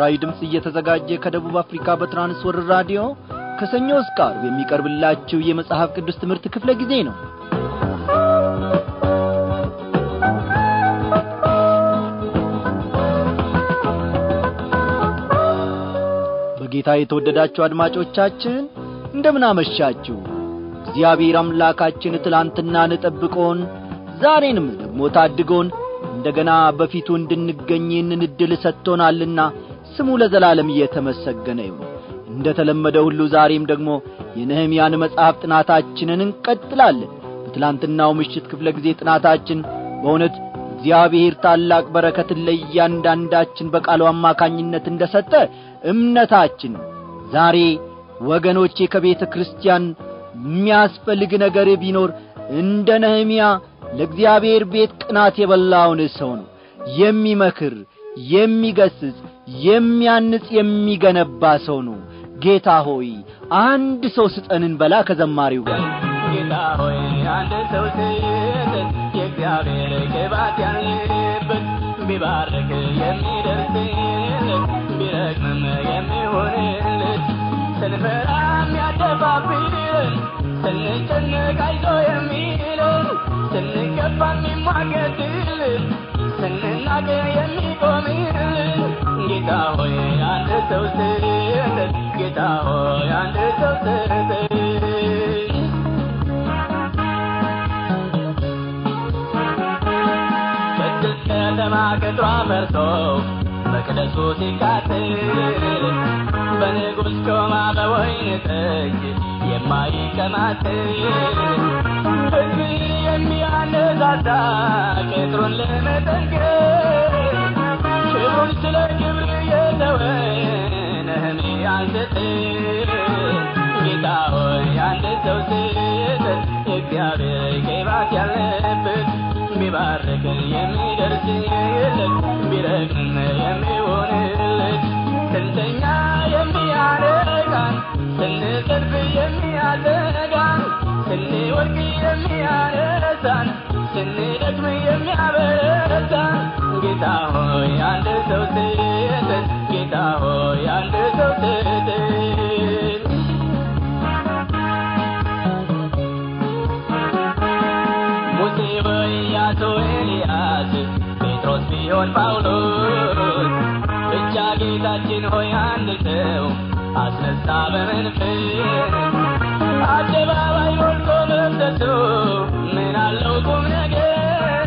በምስራዊ ድምፅ እየተዘጋጀ ከደቡብ አፍሪካ በትራንስወር ራዲዮ ከሰኞ እስከ የሚቀርብላችሁ የመጽሐፍ ቅዱስ ትምህርት ክፍለ ጊዜ ነው። በጌታ የተወደዳችሁ አድማጮቻችን እንደምን አመሻችሁ። እግዚአብሔር አምላካችን ትላንትና ንጠብቆን ዛሬንም ደግሞ ታድጎን እንደገና በፊቱ እንድንገኝ ይህንን ዕድል ሰጥቶናልና ስሙ ለዘላለም እየተመሰገነ ይሁን እንደ ተለመደ ሁሉ ዛሬም ደግሞ የነህምያን መጽሐፍ ጥናታችንን እንቀጥላለን በትላንትናው ምሽት ክፍለ ጊዜ ጥናታችን በእውነት እግዚአብሔር ታላቅ በረከትን ለእያንዳንዳችን በቃሉ አማካኝነት እንደ ሰጠ እምነታችን ዛሬ ወገኖቼ ከቤተ ክርስቲያን የሚያስፈልግ ነገር ቢኖር እንደ ነህምያ ለእግዚአብሔር ቤት ቅናት የበላውን ሰው ነው የሚመክር የሚገስጽ የሚያንጽ የሚገነባ ሰው ነው ጌታ ሆይ አንድ ሰው ስጠንን በላ ከዘማሪው ጋር ጌታ ሆይ አንድ ሰው ስጠን የእግዚአብሔር ቅባት ያለበት ቢባርክ የሚደርስልን ቢረግምም የሚሆንልን ስንፈራ የሚያደፋብንን ስንጨነቃይዞ አይዞ ስንገባ የሚሟገድልን ስንናገር የሚቆም ጌታ ከተማ ቅጥሯ ፈርሶ መቅደሱ ሲቃጠል በንጉሥ በወይን ጠጅ የማይቀማት ልብ የሚያነዛዛ ቅጥሩን ለመጠንቀቅ ክብሩን ስለ ክብር የተወ ነህሜ አንተ ጌታ ሆይ ሰው ስህተት የእግዚአብሔር ቅባት ያለበት ቢባርክ የሚደርስ የለም ቢረግም የሚሆንለት ስንተኛ የሚያረጋን ስንቀርብ የሚያዘጋ ስንወድቅ የሚያነሳን ስንደክም የሚያበረታን ጌታ ሆይ አንድ ሰው ስጠን ጌታ ሆይ አንድ ሰው ስጠን ሙሴ በኢያሱ ኤልያስ ጴጥሮስ ቢሆን ጳውሎስ ብቻ ጌታችን ሆይ አንድ ሰው አስነሳ በመንፈስ አደባባ ምን አለው ቁም ነገር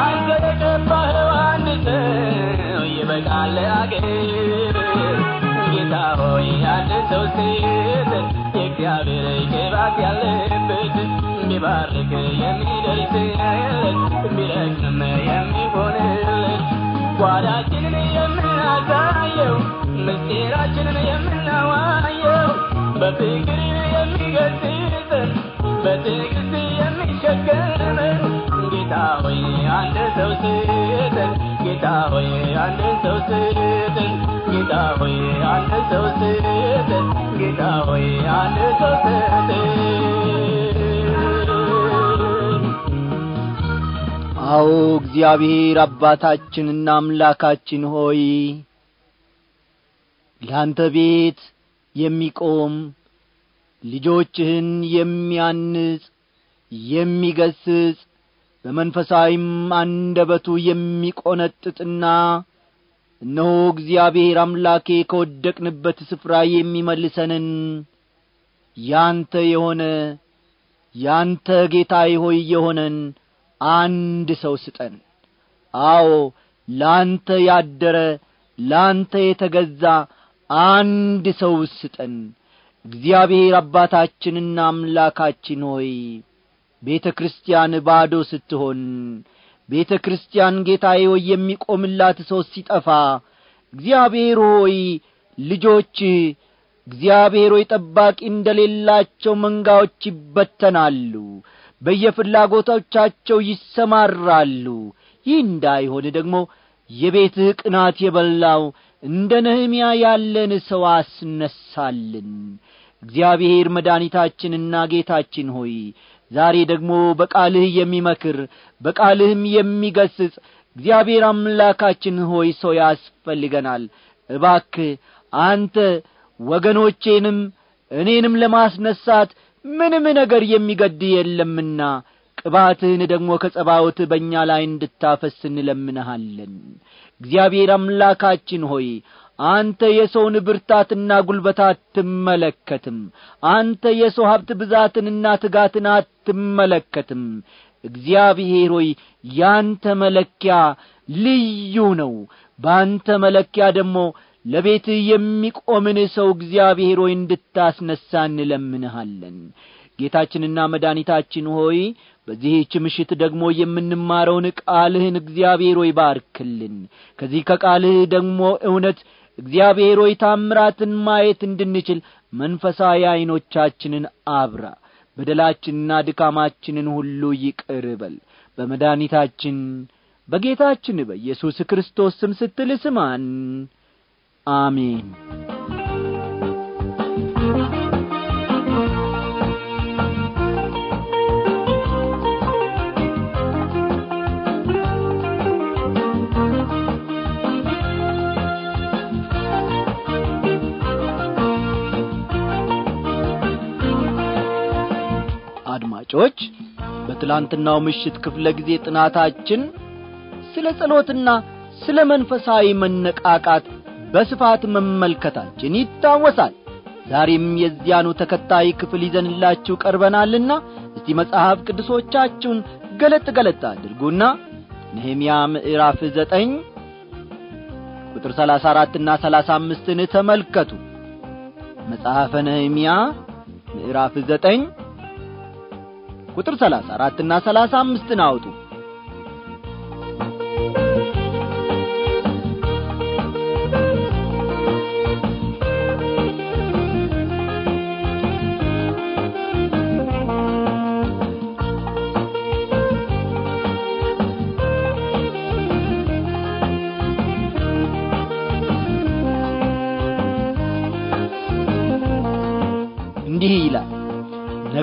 አንተ አንድ ሰው ይበቃል አገር አንድ ሰው ሴት የእግዚአብሔር ቅባት ያለበት ቢባርክ የሚደርስለት ቢረግም የሚሆንለት ጓዳችንን የምናሳየው ምስጢራችንን የምናዋየው በፍቅር የሚገስጽ በጥቅስ ጌታ ሆይ አንድ ሰው ስጠን ጌታ ሆይ አንድ ሰው ስጠን ጌታ ሆይ አንድ ሰው ስጠን ጌታ ሆይ አንድ ሰው ስጠን አዎ እግዚአብሔር አባታችንና አምላካችን ሆይ ለአንተ ቤት የሚቆም ልጆችህን የሚያንጽ የሚገስጽ በመንፈሳዊም አንደበቱ የሚቈነጥጥና እነሆ እግዚአብሔር አምላኬ ከወደቅንበት ስፍራ የሚመልሰንን ያንተ የሆነ ያንተ ጌታዬ ሆይ የሆነን አንድ ሰው ስጠን። አዎ ላንተ ያደረ ላንተ የተገዛ አንድ ሰው ስጠን። እግዚአብሔር አባታችንና አምላካችን ሆይ ቤተ ክርስቲያን ባዶ ስትሆን ቤተ ክርስቲያን ጌታዬ ሆይ የሚቆምላት ሰው ሲጠፋ እግዚአብሔር ሆይ ልጆች እግዚአብሔር ሆይ ጠባቂ እንደሌላቸው መንጋዎች ይበተናሉ በየፍላጎቶቻቸው ይሰማራሉ ይህ እንዳይሆን ደግሞ የቤትህ ቅናት የበላው እንደ ነህምያ ያለን ሰው አስነሳልን እግዚአብሔር መድኃኒታችንና ጌታችን ሆይ ዛሬ ደግሞ በቃልህ የሚመክር በቃልህም የሚገስጽ እግዚአብሔር አምላካችን ሆይ ሰው ያስፈልገናል እባክ አንተ ወገኖቼንም እኔንም ለማስነሳት ምንም ነገር የሚገድ የለምና ቅባትህን ደግሞ ከጸባዖት በእኛ ላይ እንድታፈስ እንለምንሃለን እግዚአብሔር አምላካችን ሆይ አንተ የሰውን ብርታትና ጒልበት አትመለከትም አንተ የሰው ሀብት ብዛትንና ትጋትን አትመለከትም እግዚአብሔር ሆይ ያንተ መለኪያ ልዩ ነው በአንተ መለኪያ ደግሞ ለቤት የሚቆምን ሰው እግዚአብሔር ሆይ እንድታስነሣ እንለምንሃለን ጌታችንና መድኃኒታችን ሆይ በዚህች ምሽት ደግሞ የምንማረውን ቃልህን እግዚአብሔር ሆይ ባርክልን ከዚህ ከቃልህ ደግሞ እውነት እግዚአብሔር ሆይ ታምራትን ማየት እንድንችል መንፈሳዊ ዐይኖቻችንን አብራ በደላችንና ድካማችንን ሁሉ ይቅርበል በመድኒታችን በጌታችን በኢየሱስ ክርስቶስ ስም ስትል ስማን አሜን አድማጮች በትላንትናው ምሽት ክፍለ ጊዜ ጥናታችን ስለ ጸሎትና ስለ መንፈሳዊ መነቃቃት በስፋት መመልከታችን ይታወሳል ዛሬም የዚያኑ ተከታይ ክፍል ይዘንላችሁ ቀርበናልና እስቲ መጽሐፍ ቅዱሶቻችሁን ገለጥ ገለጥ አድርጉና ነህምያ ምዕራፍ ዘጠኝ ቁጥር 34 እና 35 ተመልከቱ መጽሐፈ ነህምያ ምዕራፍ ዘጠኝ ቁጥር 34 እና 35 ን አውጡ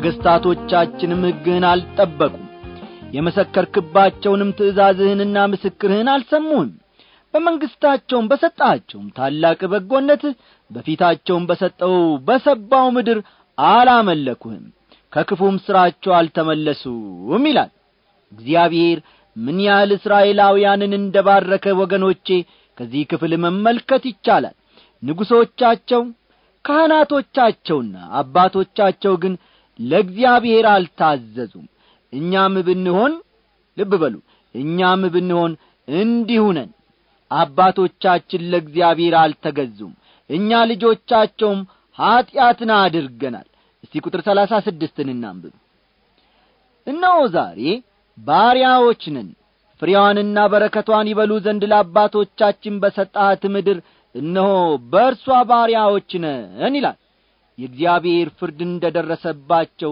ነገሥታቶቻችንም ሕግህን አልጠበቁም የመሰከርክባቸውንም ትእዛዝህንና ምስክርህን አልሰሙም በመንግሥታቸውም በሰጣቸውም ታላቅ በጎነት በፊታቸውም በሰጠው በሰባው ምድር አላመለኩህም ከክፉም ሥራቸው አልተመለሱም ይላል እግዚአብሔር ምን ያህል እስራኤላውያንን እንደ ባረከ ወገኖቼ ከዚህ ክፍል መመልከት ይቻላል ንጉሶቻቸው ካህናቶቻቸውና አባቶቻቸው ግን ለእግዚአብሔር አልታዘዙም እኛም ብንሆን ልብ በሉ እኛም ብንሆን እንዲሁ ነን አባቶቻችን ለእግዚአብሔር አልተገዙም እኛ ልጆቻቸውም ኀጢአትን አድርገናል እስቲ ቁጥር ሰላሳ ስድስትን እናንብብ እነሆ ዛሬ ባሪያዎች ነን ፍሬዋንና በረከቷን ይበሉ ዘንድ ለአባቶቻችን በሰጣት ምድር እነሆ በእርሷ ባሪያዎች ነን ይላል የእግዚአብሔር ፍርድ እንደ ደረሰባቸው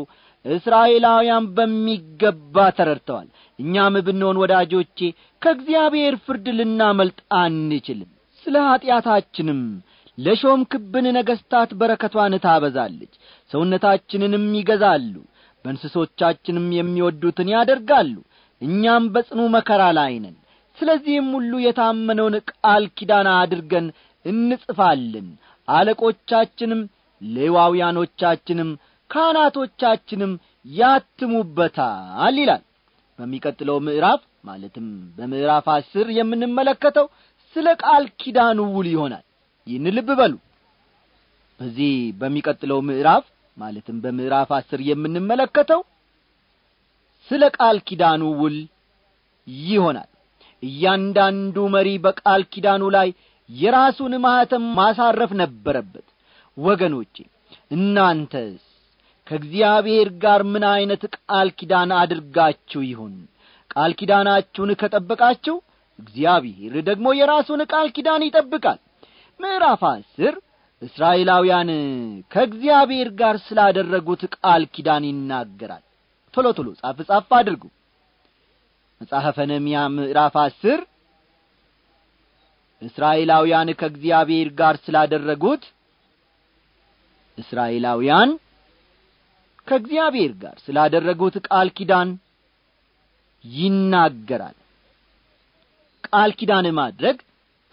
እስራኤላውያን በሚገባ ተረድተዋል እኛም ብንሆን ወዳጆቼ ከእግዚአብሔር ፍርድ ልናመልጥ አንችልም ስለ ኀጢአታችንም ክብን ነገሥታት በረከቷን ታበዛለች ሰውነታችንንም ይገዛሉ በእንስሶቻችንም የሚወዱትን ያደርጋሉ እኛም በጽኑ መከራ ላይ ነን ስለዚህም ሁሉ የታመነውን ቃል ኪዳና አድርገን እንጽፋለን አለቆቻችንም ሌዋውያኖቻችንም ካህናቶቻችንም ያትሙበታል ይላል በሚቀጥለው ምዕራፍ ማለትም በምዕራፍ አስር የምንመለከተው ስለ ቃል ኪዳኑ ውል ይሆናል ይህን ልብ በሉ በዚህ በሚቀጥለው ምዕራፍ ማለትም በምዕራፍ አስር የምንመለከተው ስለ ቃል ኪዳኑ ውል ይሆናል እያንዳንዱ መሪ በቃል ኪዳኑ ላይ የራሱን ማኅተም ማሳረፍ ነበረበት ወገኖቼ እናንተስ ከእግዚአብሔር ጋር ምን ዐይነት ቃል ኪዳን አድርጋችሁ ይሁን ቃል ኪዳናችሁን ከጠበቃችሁ እግዚአብሔር ደግሞ የራሱን ቃል ኪዳን ይጠብቃል ምዕራፍ አስር እስራኤላውያን ከእግዚአብሔር ጋር ስላደረጉት ቃል ኪዳን ይናገራል ቶሎ ቶሎ ጻፍ ጻፍ አድርጉ መጽሐፈ ነሚያ ምዕራፍ አስር እስራኤላውያን ከእግዚአብሔር ጋር ስላደረጉት እስራኤላውያን ከእግዚአብሔር ጋር ስላደረጉት ቃል ኪዳን ይናገራል ቃል ኪዳን ማድረግ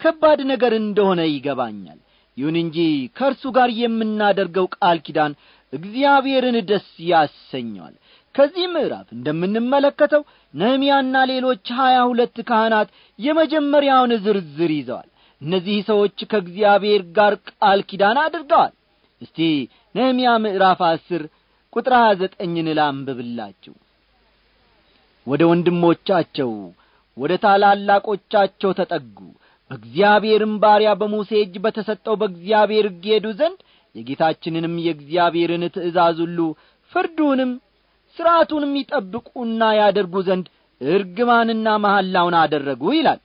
ከባድ ነገር እንደሆነ ይገባኛል ይሁን እንጂ ከእርሱ ጋር የምናደርገው ቃል ኪዳን እግዚአብሔርን ደስ ያሰኘዋል ከዚህ ምዕራፍ እንደምንመለከተው ነህምያና ሌሎች ሀያ ሁለት ካህናት የመጀመሪያውን ዝርዝር ይዘዋል እነዚህ ሰዎች ከእግዚአብሔር ጋር ቃል ኪዳን አድርገዋል እስቲ ነህምያ ምዕራፍ አስር ቁጥር ሀያ ዘጠኝን ላንብብላችሁ ወደ ወንድሞቻቸው ወደ ታላላቆቻቸው ተጠጉ በእግዚአብሔርም ባሪያ በሙሴ እጅ በተሰጠው በእግዚአብሔር ሕግ ዘንድ የጌታችንንም የእግዚአብሔርን ትእዛዝ ሁሉ ፍርዱንም ሥርዓቱንም ይጠብቁና ያደርጉ ዘንድ እርግማንና መሐላውን አደረጉ ይላል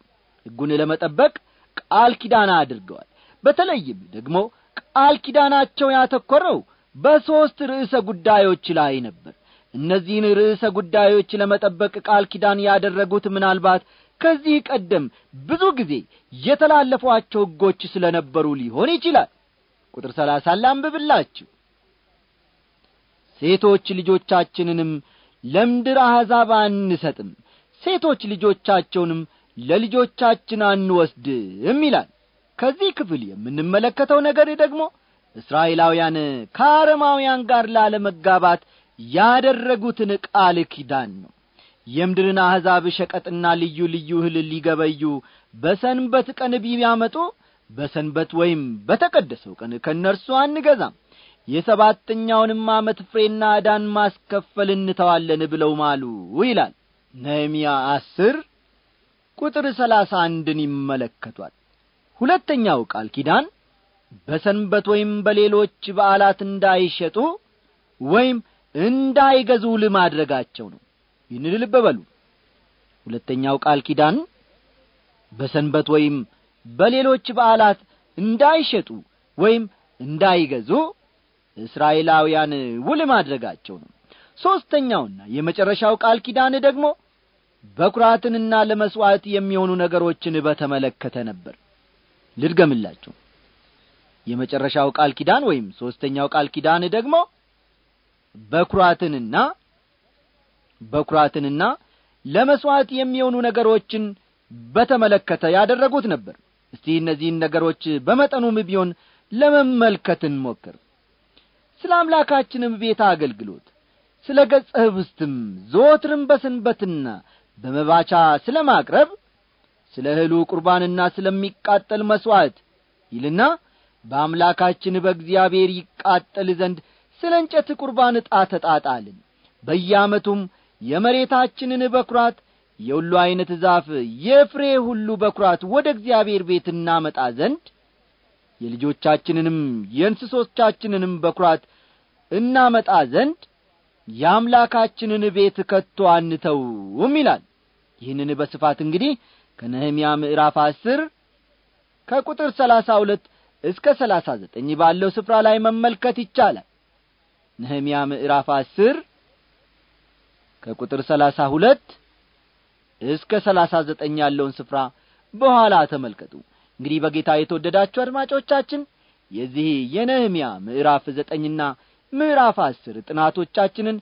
ሕጉን ለመጠበቅ ቃል ኪዳን አድርገዋል በተለይም ደግሞ ቃል ኪዳናቸው ያተኰረው በሦስት ርዕሰ ጉዳዮች ላይ ነበር እነዚህን ርዕሰ ጉዳዮች ለመጠበቅ ቃል ኪዳን ያደረጉት ምናልባት ከዚህ ቀደም ብዙ ጊዜ የተላለፏቸው ሕጎች ስለ ነበሩ ሊሆን ይችላል ቁጥር ሰላሳ ላንብብላችሁ ሴቶች ልጆቻችንንም ለምድር አሕዛብ አንሰጥም ሴቶች ልጆቻቸውንም ለልጆቻችን አንወስድም ይላል ከዚህ ክፍል የምንመለከተው ነገር ደግሞ እስራኤላውያን ከአረማውያን ጋር ላለመጋባት ያደረጉትን ቃል ኪዳን ነው የምድርን አሕዛብ ሸቀጥና ልዩ ልዩ እህል ሊገበዩ በሰንበት ቀን ቢያመጡ በሰንበት ወይም በተቀደሰው ቀን ከእነርሱ አንገዛም የሰባተኛውንም ዓመት ፍሬና ዕዳን ማስከፈል እንተዋለን ብለው ማሉ ይላል ነህምያ አስር ቁጥር ሰላሳ አንድን ይመለከቷል ሁለተኛው ቃል ኪዳን በሰንበት ወይም በሌሎች በዓላት እንዳይሸጡ ወይም እንዳይገዙ ልማድረጋቸው ነው ይህን ልብ በሉ ሁለተኛው ቃል ኪዳን በሰንበት ወይም በሌሎች በዓላት እንዳይሸጡ ወይም እንዳይገዙ እስራኤላውያን ውል ማድረጋቸው ነው ሦስተኛውና የመጨረሻው ቃል ኪዳን ደግሞ በኵራትንና ለመሥዋዕት የሚሆኑ ነገሮችን በተመለከተ ነበር ልድገምላችሁ የመጨረሻው ቃል ኪዳን ወይም ሦስተኛው ቃል ኪዳን ደግሞ በኩራትንና በኩራትንና ለመሥዋዕት የሚሆኑ ነገሮችን በተመለከተ ያደረጉት ነበር እስቲ እነዚህን ነገሮች በመጠኑም ቢሆን ለመመልከት እንሞክር ስለ አምላካችንም ቤት አገልግሎት ስለ ገጸ ህብስትም ዘወትርም በመባቻ ስለ ማቅረብ ስለ እህሉ ቁርባንና ስለሚቃጠል መሥዋዕት ይልና በአምላካችን በእግዚአብሔር ይቃጠል ዘንድ ስለ እንጨት ቁርባን ዕጣ ተጣጣልን በየዓመቱም የመሬታችንን በኵራት የሁሉ ዐይነት ዛፍ የፍሬ ሁሉ በኵራት ወደ እግዚአብሔር ቤት እናመጣ ዘንድ የልጆቻችንንም የእንስሶቻችንንም በኵራት እናመጣ ዘንድ የአምላካችንን ቤት ከቶ አንተውም ይላል ይህንን በስፋት እንግዲህ ከነህምያ ምዕራፍ አስር ከቁጥር ሰላሳ ሁለት እስከ ሰላሳ ዘጠኝ ባለው ስፍራ ላይ መመልከት ይቻላል ነህምያ ምዕራፍ አስር ከቁጥር ሰላሳ ሁለት እስከ ሰላሳ ዘጠኝ ያለውን ስፍራ በኋላ ተመልከቱ እንግዲህ በጌታ የተወደዳችሁ አድማጮቻችን የዚህ የነህምያ ምዕራፍ ዘጠኝና ምዕራፍ አስር ጥናቶቻችንን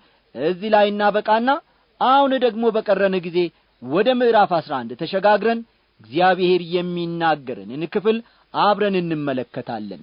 እዚህ ላይ እናበቃና አሁን ደግሞ በቀረን ጊዜ ወደ ምዕራፍ አሥራ አንድ ተሸጋግረን እግዚአብሔር የሚናገርንን ክፍል አብረን እንመለከታለን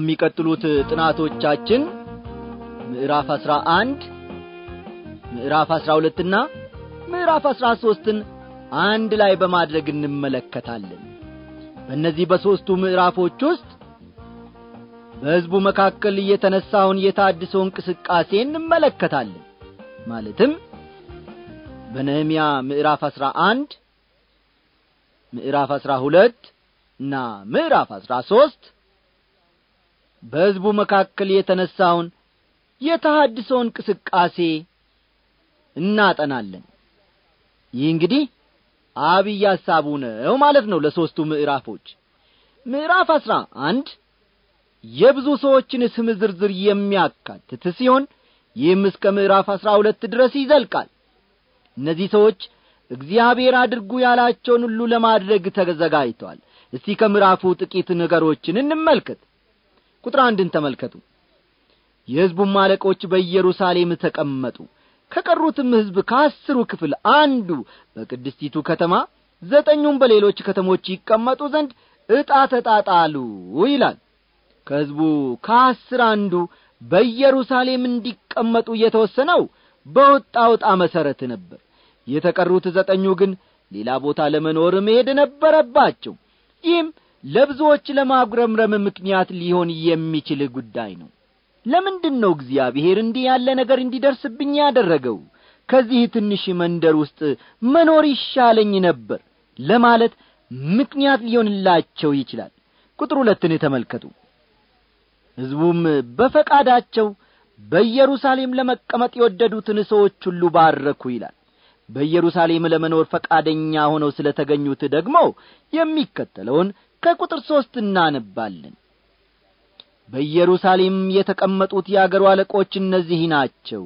በሚቀጥሉት ጥናቶቻችን ምዕራፍ 11 ምዕራፍ 12 እና ምዕራፍ 13ን አንድ ላይ በማድረግ እንመለከታለን። በእነዚህ በሦስቱ ምዕራፎች ውስጥ በሕዝቡ መካከል የተነሳውን የታድሶ እንቅስቃሴ እንመለከታለን። ማለትም በነህምያ ምዕራፍ 11 ምዕራፍ 12 እና ምዕራፍ 13 በሕዝቡ መካከል የተነሣውን የተሃድሶ እንቅስቃሴ እናጠናለን። ይህ እንግዲህ አብይ ሐሳቡ ነው ማለት ነው ለሦስቱ ምዕራፎች። ምዕራፍ አሥራ አንድ የብዙ ሰዎችን ስም ዝርዝር የሚያካትት ሲሆን ይህም እስከ ምዕራፍ አሥራ ሁለት ድረስ ይዘልቃል። እነዚህ ሰዎች እግዚአብሔር አድርጉ ያላቸውን ሁሉ ለማድረግ ተዘጋጅተዋል። እስቲ ከምዕራፉ ጥቂት ነገሮችን እንመልከት። ቁጥር አንድን ተመልከቱ የሕዝቡም አለቆች በኢየሩሳሌም ተቀመጡ ከቀሩትም ሕዝብ ከአስሩ ክፍል አንዱ በቅድስቲቱ ከተማ ዘጠኙም በሌሎች ከተሞች ይቀመጡ ዘንድ ዕጣ ተጣጣሉ ይላል ከሕዝቡ ከአስር አንዱ በኢየሩሳሌም እንዲቀመጡ የተወሰነው በወጣው ዕጣ መሠረት ነበር የተቀሩት ዘጠኙ ግን ሌላ ቦታ ለመኖር መሄድ ነበረባቸው ይህም ለብዙዎች ለማጉረምረም ምክንያት ሊሆን የሚችል ጉዳይ ነው ለምንድን ነው እግዚአብሔር እንዲህ ያለ ነገር እንዲደርስብኝ ያደረገው ከዚህ ትንሽ መንደር ውስጥ መኖር ይሻለኝ ነበር ለማለት ምክንያት ሊሆንላቸው ይችላል ቁጥር ሁለትን ተመልከቱ ሕዝቡም በፈቃዳቸው በኢየሩሳሌም ለመቀመጥ የወደዱትን ሰዎች ሁሉ ባረኩ ይላል በኢየሩሳሌም ለመኖር ፈቃደኛ ሆነው ስለ ተገኙት ደግሞ የሚከተለውን ከቁጥር ሦስት እናነባለን በኢየሩሳሌም የተቀመጡት የአገሩ አለቆች እነዚህ ናቸው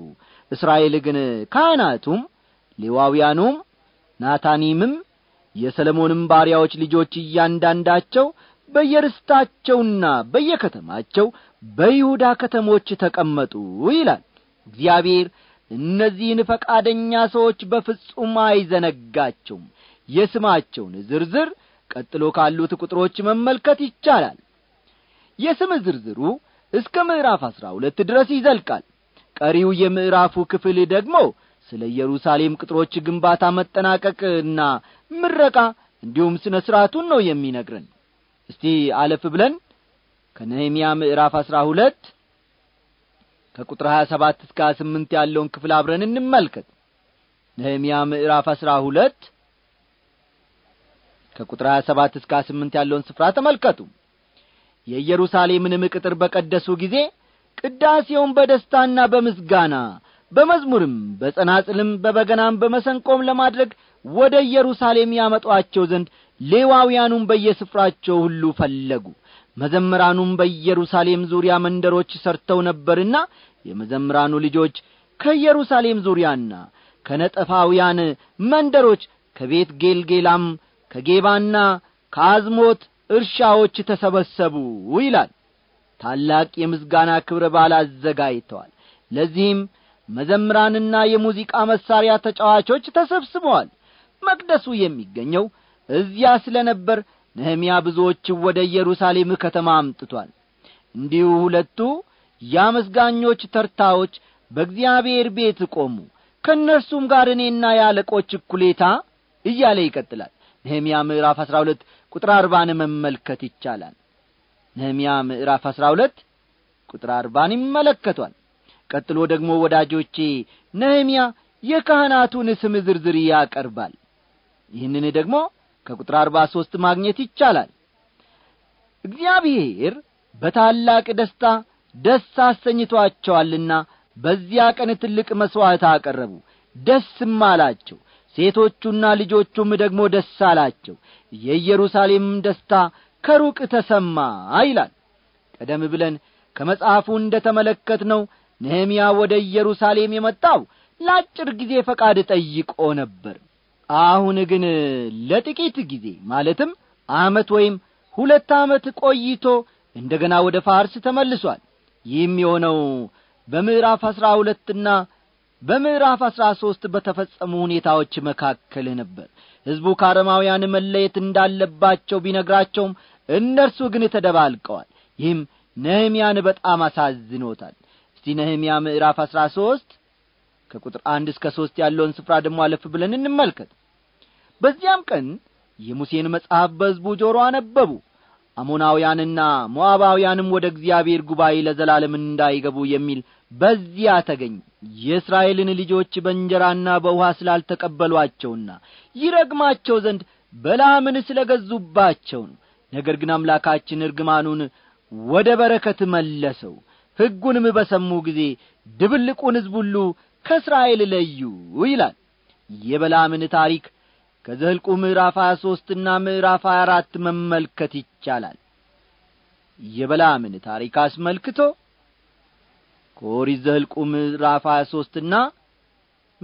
እስራኤል ግን ካህናቱም ሌዋውያኑም ናታኒምም የሰለሞንም ባሪያዎች ልጆች እያንዳንዳቸው በየርስታቸውና በየከተማቸው በይሁዳ ከተሞች ተቀመጡ ይላል እግዚአብሔር እነዚህን ፈቃደኛ ሰዎች በፍጹም አይዘነጋቸውም የስማቸውን ዝርዝር ቀጥሎ ካሉት ቁጥሮች መመልከት ይቻላል የስም ዝርዝሩ እስከ ምዕራፍ አሥራ ሁለት ድረስ ይዘልቃል ቀሪው የምዕራፉ ክፍል ደግሞ ስለ ኢየሩሳሌም ቅጥሮች ግንባታ መጠናቀቅና ምረቃ እንዲሁም ሥነ ሥርዓቱን ነው የሚነግረን እስቲ አለፍ ብለን ከነህምያ ምዕራፍ አሥራ ሁለት ከቁጥር ሀያ ሰባት እስከ ሀያ ስምንት ያለውን ክፍል አብረን እንመልከት ነህምያ ምዕራፍ አሥራ ሁለት ከቁጥር 27 እስከ 28 ያለውን ስፍራ ተመልከቱ የኢየሩሳሌምንም ቅጥር በቀደሱ ጊዜ ቅዳሴውን በደስታና በምስጋና በመዝሙርም በጸናጽልም በበገናም በመሰንቆም ለማድረግ ወደ ኢየሩሳሌም ያመጧቸው ዘንድ ሌዋውያኑም በየስፍራቸው ሁሉ ፈለጉ መዘምራኑም በኢየሩሳሌም ዙሪያ መንደሮች ሰርተው ነበርና የመዘምራኑ ልጆች ከኢየሩሳሌም ዙሪያና ከነጠፋውያን መንደሮች ከቤት ጌልጌላም ከጌባና ከአዝሞት እርሻዎች ተሰበሰቡ ይላል ታላቅ የምስጋና ክብረ በዓል አዘጋጅተዋል ለዚህም መዘምራንና የሙዚቃ መሣሪያ ተጫዋቾች ተሰብስበዋል መቅደሱ የሚገኘው እዚያ ስለ ነበር ነህምያ ብዙዎችን ወደ ኢየሩሳሌም ከተማ አምጥቷል እንዲሁ ሁለቱ የአመስጋኞች ተርታዎች በእግዚአብሔር ቤት ቆሙ ከእነርሱም ጋር እኔና የአለቆች እኩሌታ እያለ ይቀጥላል ነህምያ ምዕራፍ 12 ሁለት ቁጥር አርባን መመልከት ይቻላል ነህምያ ምዕራፍ 12 ሁለት ቁጥር አርባን ይመለከቷል ቀጥሎ ደግሞ ወዳጆቼ ነህምያ የካህናቱን ስም ዝርዝር ያቀርባል ይህንን ደግሞ ከቁጥር አርባ ሦስት ማግኘት ይቻላል እግዚአብሔር በታላቅ ደስታ ደስ አሰኝቶአቸዋልና በዚያ ቀን ትልቅ መሥዋዕት አቀረቡ ደስም አላቸው ሴቶቹና ልጆቹም ደግሞ ደስ አላቸው የኢየሩሳሌም ደስታ ከሩቅ ተሰማ ይላል ቀደም ብለን ከመጽሐፉ እንደ ተመለከትነው ነህምያ ወደ ኢየሩሳሌም የመጣው ለአጭር ጊዜ ፈቃድ ጠይቆ ነበር አሁን ግን ለጥቂት ጊዜ ማለትም አመት ወይም ሁለት ዓመት ቆይቶ እንደ ገና ወደ ፋርስ ተመልሷል ይህም የሆነው በምዕራፍ አሥራ ሁለትና በምዕራፍ አሥራ ሦስት በተፈጸሙ ሁኔታዎች መካከል ነበር ሕዝቡ ከአረማውያን መለየት እንዳለባቸው ቢነግራቸውም እነርሱ ግን ተደባልቀዋል ይህም ነህምያን በጣም አሳዝኖታል እስቲ ነህምያ ምዕራፍ አሥራ ሦስት ከቁጥር አንድ እስከ ሦስት ያለውን ስፍራ ደግሞ አለፍ ብለን እንመልከት በዚያም ቀን የሙሴን መጽሐፍ በሕዝቡ ጆሮ አነበቡ አሞናውያንና ሞዓባውያንም ወደ እግዚአብሔር ጉባኤ ለዘላለም እንዳይገቡ የሚል በዚያ ተገኝ የእስራኤልን ልጆች በእንጀራና በውሃ ስላልተቀበሏቸውና ይረግማቸው ዘንድ በላምን ስለ ገዙባቸው ነው ነገር ግን አምላካችን እርግማኑን ወደ በረከት መለሰው ሕጉንም በሰሙ ጊዜ ድብልቁን ሕዝብ ሁሉ ከእስራኤል ለዩ ይላል የበላምን ታሪክ ከዘልቁ ምዕራፍ ሀያ ሦስትና ምዕራፍ ሀያ አራት መመልከት ይቻላል የበላምን ታሪክ አስመልክቶ ከኦሪት ዘኍልቍ ምዕራፍ ሀያ ሦስትና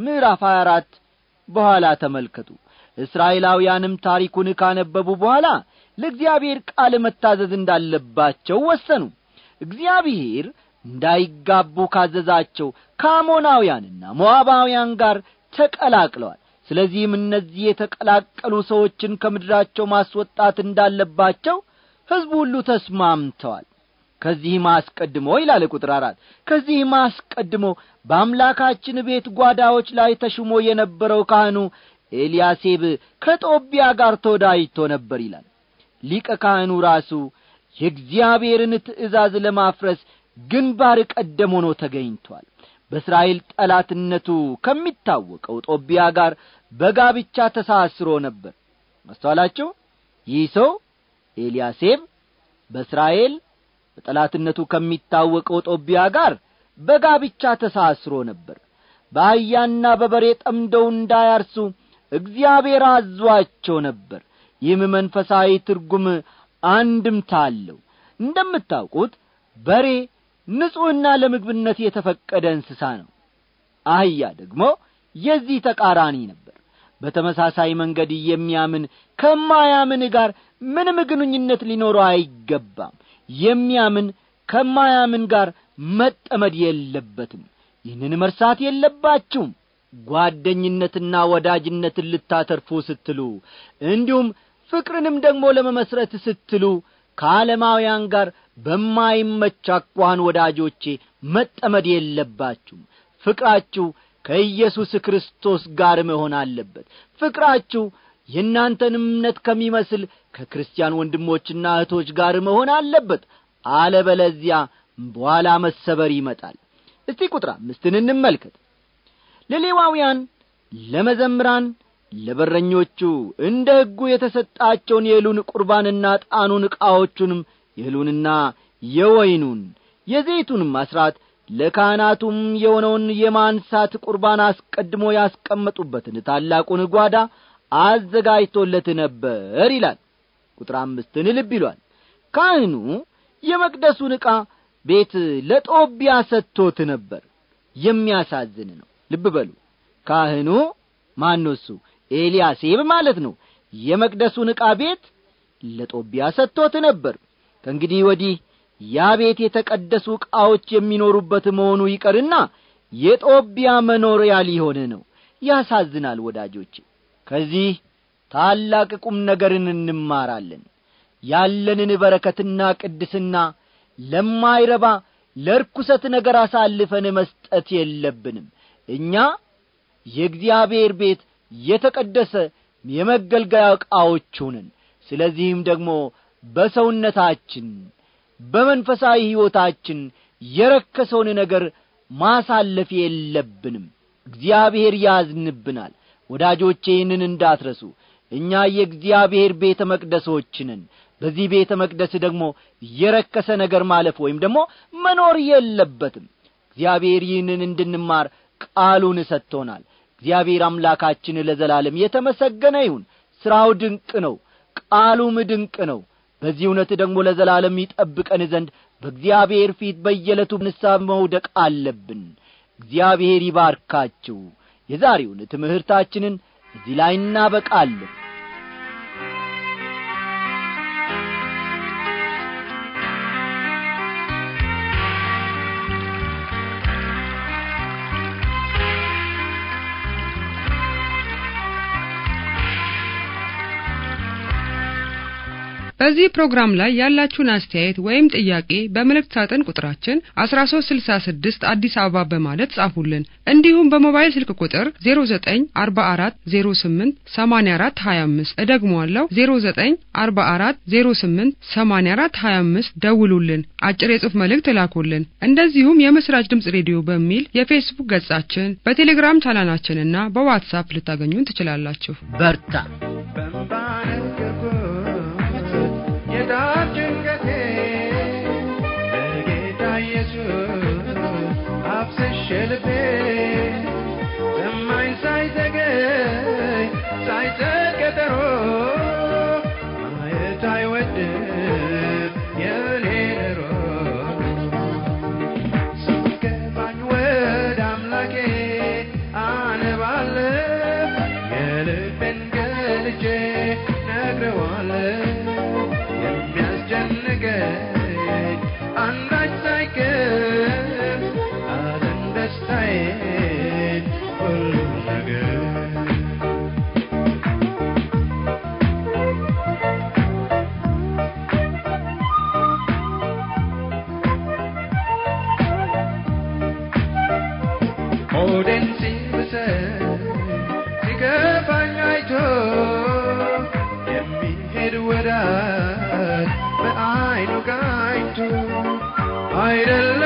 ምዕራፍ ሀያ አራት በኋላ ተመልከቱ እስራኤላውያንም ታሪኩን ካነበቡ በኋላ ለእግዚአብሔር ቃል መታዘዝ እንዳለባቸው ወሰኑ እግዚአብሔር እንዳይጋቡ ካዘዛቸው ከአሞናውያንና ሞዓባውያን ጋር ተቀላቅለዋል ስለዚህም እነዚህ የተቀላቀሉ ሰዎችን ከምድራቸው ማስወጣት እንዳለባቸው ሕዝቡ ሁሉ ተስማምተዋል ከዚህም አስቀድሞ ይላል ቁጥር አራት ከዚህም አስቀድሞ በአምላካችን ቤት ጓዳዎች ላይ ተሹሞ የነበረው ካህኑ ኤልያሴብ ከጦቢያ ጋር ተወዳጅቶ ነበር ይላል ሊቀ ካህኑ ራሱ የእግዚአብሔርን ትእዛዝ ለማፍረስ ግንባር ቀደም ሆኖ ተገኝቷል በእስራኤል ጠላትነቱ ከሚታወቀው ጦቢያ ጋር በጋብቻ ተሳስሮ ነበር መስተዋላችሁ ይህ ሰው ኤልያሴብ በእስራኤል በጠላትነቱ ከሚታወቀው ጦቢያ ጋር በጋብቻ ተሳስሮ ነበር በአህያና በበሬ ጠምደው እንዳያርሱ እግዚአብሔር አዟቸው ነበር ይህም መንፈሳዊ ትርጉም አንድምታ አለው እንደምታውቁት በሬ ንጹሕና ለምግብነት የተፈቀደ እንስሳ ነው አህያ ደግሞ የዚህ ተቃራኒ ነበር በተመሳሳይ መንገድ የሚያምን ከማያምን ጋር ምንም ግንኙነት ሊኖረው አይገባም የሚያምን ከማያምን ጋር መጠመድ የለበትም ይህንን መርሳት የለባችሁም ጓደኝነትና ወዳጅነትን ልታተርፉ ስትሉ እንዲሁም ፍቅርንም ደግሞ ለመመስረት ስትሉ ከዓለማውያን ጋር በማይመች አኳኋን ወዳጆቼ መጠመድ የለባችሁም ፍቅራችሁ ከኢየሱስ ክርስቶስ ጋር መሆን አለበት ፍቅራችሁ የእናንተን እምነት ከሚመስል ከክርስቲያን ወንድሞችና እህቶች ጋር መሆን አለበት አለበለዚያ በኋላ መሰበር ይመጣል እስቲ ቁጥር አምስትን እንመልከት ለሌዋውያን ለመዘምራን ለበረኞቹ እንደ ሕጉ የተሰጣቸውን የእሉን ቁርባንና ጣኑን ዕቃዎቹንም የእሉንና የወይኑን የዘይቱንም አስራት ለካህናቱም የሆነውን የማንሳት ቁርባን አስቀድሞ ያስቀመጡበትን ታላቁን ጓዳ አዘጋጅቶለት ነበር ይላል ቁጥር አምስትን ልብ ይሏል ካህኑ የመቅደሱን ዕቃ ቤት ለጦቢያ ሰጥቶት ነበር የሚያሳዝን ነው ልብ በሉ ካህኑ ማኖሱ ኤልያሴብ ማለት ነው የመቅደሱን ዕቃ ቤት ለጦቢያ ሰጥቶት ነበር ከእንግዲህ ወዲህ ያ ቤት የተቀደሱ ዕቃዎች የሚኖሩበት መሆኑ ይቀርና የጦቢያ መኖሪያ ሊሆን ነው ያሳዝናል ወዳጆች ከዚህ ታላቅ ቁም ነገርን እንማራለን ያለንን በረከትና ቅድስና ለማይረባ ለርኩሰት ነገር አሳልፈን መስጠት የለብንም እኛ የእግዚአብሔር ቤት የተቀደሰ የመገልገያ ዕቃዎቹንን ስለዚህም ደግሞ በሰውነታችን በመንፈሳዊ ሕይወታችን የረከሰውን ነገር ማሳለፍ የለብንም እግዚአብሔር ያዝንብናል ወዳጆቼ ይህንን እንዳትረሱ እኛ የእግዚአብሔር ቤተ መቅደሶችንን በዚህ ቤተ መቅደስ ደግሞ የረከሰ ነገር ማለፍ ወይም ደግሞ መኖር የለበትም እግዚአብሔር ይህንን እንድንማር ቃሉን እሰጥቶናል እግዚአብሔር አምላካችን ለዘላለም የተመሰገነ ይሁን ሥራው ድንቅ ነው ቃሉም ድንቅ ነው በዚህ እውነት ደግሞ ለዘላለም ይጠብቀን ዘንድ በእግዚአብሔር ፊት በየለቱ ንሳ መውደቅ አለብን እግዚአብሔር ይባርካችሁ የዛሬውን ትምህርታችንን እዚህ ላይ እናበቃለን በዚህ ፕሮግራም ላይ ያላችሁን አስተያየት ወይም ጥያቄ በመልእክት ሳጥን ቁጥራችን 1366 አዲስ አበባ በማለት ጻፉልን። እንዲሁም በሞባይል ስልክ ቁጥር 0944088425 እደግመዋለሁ፣ 0944088425 ደውሉልን፣ አጭር የጽሑፍ መልእክት ተላኩልን። እንደዚሁም የምስራች ድምጽ ሬዲዮ በሚል የፌስቡክ ገጻችን፣ በቴሌግራም ቻናላችንና በዋትሳፕ ልታገኙን ትችላላችሁ። በርታ Shall it be? but I know I do. I don't